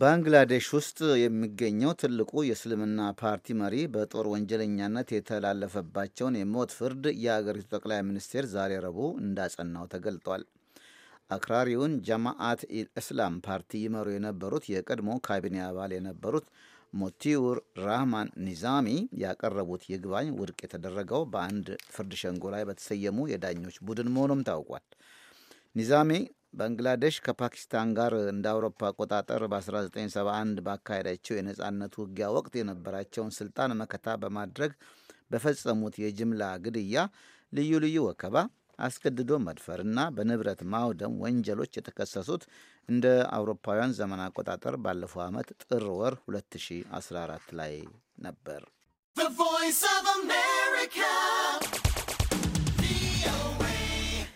ባንግላዴሽ ውስጥ የሚገኘው ትልቁ የእስልምና ፓርቲ መሪ በጦር ወንጀለኛነት የተላለፈባቸውን የሞት ፍርድ የአገሪቱ ጠቅላይ ሚኒስቴር ዛሬ ረቡዕ እንዳጸናው ተገልጧል። አክራሪውን ጀማአት ኢስላም ፓርቲ ይመሩ የነበሩት የቀድሞ ካቢኔ አባል የነበሩት ሞቲውር ራህማን ኒዛሚ ያቀረቡት ይግባኝ ውድቅ የተደረገው በአንድ ፍርድ ሸንጎ ላይ በተሰየሙ የዳኞች ቡድን መሆኑም ታውቋል። ኒዛሚ ባንግላዴሽ ከፓኪስታን ጋር እንደ አውሮፓ አቆጣጠር በ1971 ባካሄዳቸው የነጻነት ውጊያ ወቅት የነበራቸውን ስልጣን መከታ በማድረግ በፈጸሙት የጅምላ ግድያ፣ ልዩ ልዩ ወከባ አስገድዶ መድፈርና በንብረት ማውደም ወንጀሎች የተከሰሱት እንደ አውሮፓውያን ዘመን አቆጣጠር ባለፈው ዓመት ጥር ወር 2014 ላይ ነበር።